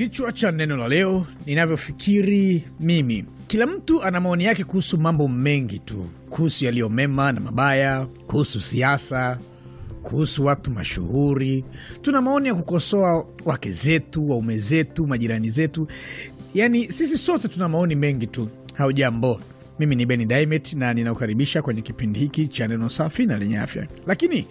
Kichwa cha neno la leo, ninavyofikiri mimi. Kila mtu ana maoni yake kuhusu mambo mengi tu, kuhusu yaliyo mema na mabaya, kuhusu siasa, kuhusu watu mashuhuri. Tuna maoni ya kukosoa wake zetu, waume zetu, majirani zetu, yaani sisi sote tuna maoni mengi tu. Haujambo, mimi ni Beni Dimet na ninakukaribisha kwenye kipindi hiki cha neno safi na lenye afya. Lakini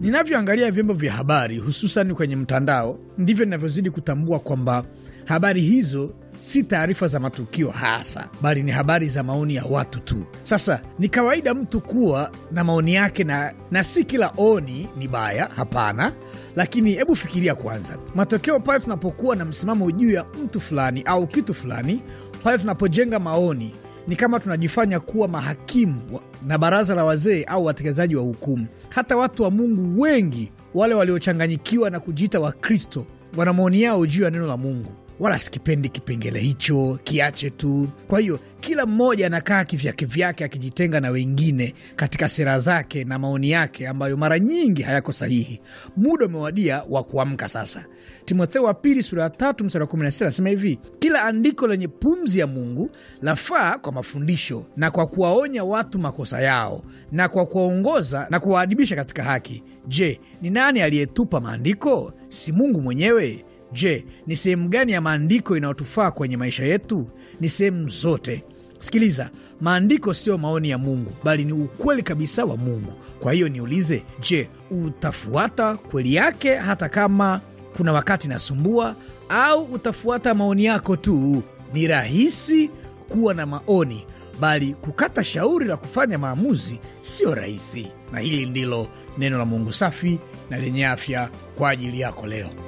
Ninavyoangalia vyombo vya habari hususan kwenye mtandao, ndivyo ninavyozidi kutambua kwamba habari hizo si taarifa za matukio hasa, bali ni habari za maoni ya watu tu. Sasa ni kawaida mtu kuwa na maoni yake, na, na si kila oni ni baya, hapana. Lakini hebu fikiria kwanza matokeo pale tunapokuwa na msimamo juu ya mtu fulani au kitu fulani, pale tunapojenga maoni ni kama tunajifanya kuwa mahakimu na baraza la wazee au watekelezaji wa hukumu. Hata watu wa Mungu wengi wale waliochanganyikiwa na kujiita Wakristo wana maoni yao juu ya neno la Mungu wala sikipendi kipengele hicho, kiache tu. Kwa hiyo kila mmoja anakaa kivyake vyake, akijitenga na wengine katika sera zake na maoni yake ambayo mara nyingi hayako sahihi. Muda umewadia wa kuamka sasa. Timotheo wa pili sura ya tatu mstari wa 16 anasema hivi, kila andiko lenye pumzi ya Mungu lafaa kwa mafundisho na kwa kuwaonya watu makosa yao na kwa kuwaongoza na kuwaadibisha katika haki. Je, ni nani aliyetupa maandiko? Si Mungu mwenyewe? Je, ni sehemu gani ya maandiko inayotufaa kwenye maisha yetu? Ni sehemu zote. Sikiliza, maandiko sio maoni ya Mungu bali ni ukweli kabisa wa Mungu. Kwa hiyo niulize, je, utafuata kweli yake hata kama kuna wakati nasumbua, au utafuata maoni yako tu? Ni rahisi kuwa na maoni, bali kukata shauri la kufanya maamuzi sio rahisi. Na hili ndilo neno la Mungu safi na lenye afya kwa ajili yako leo.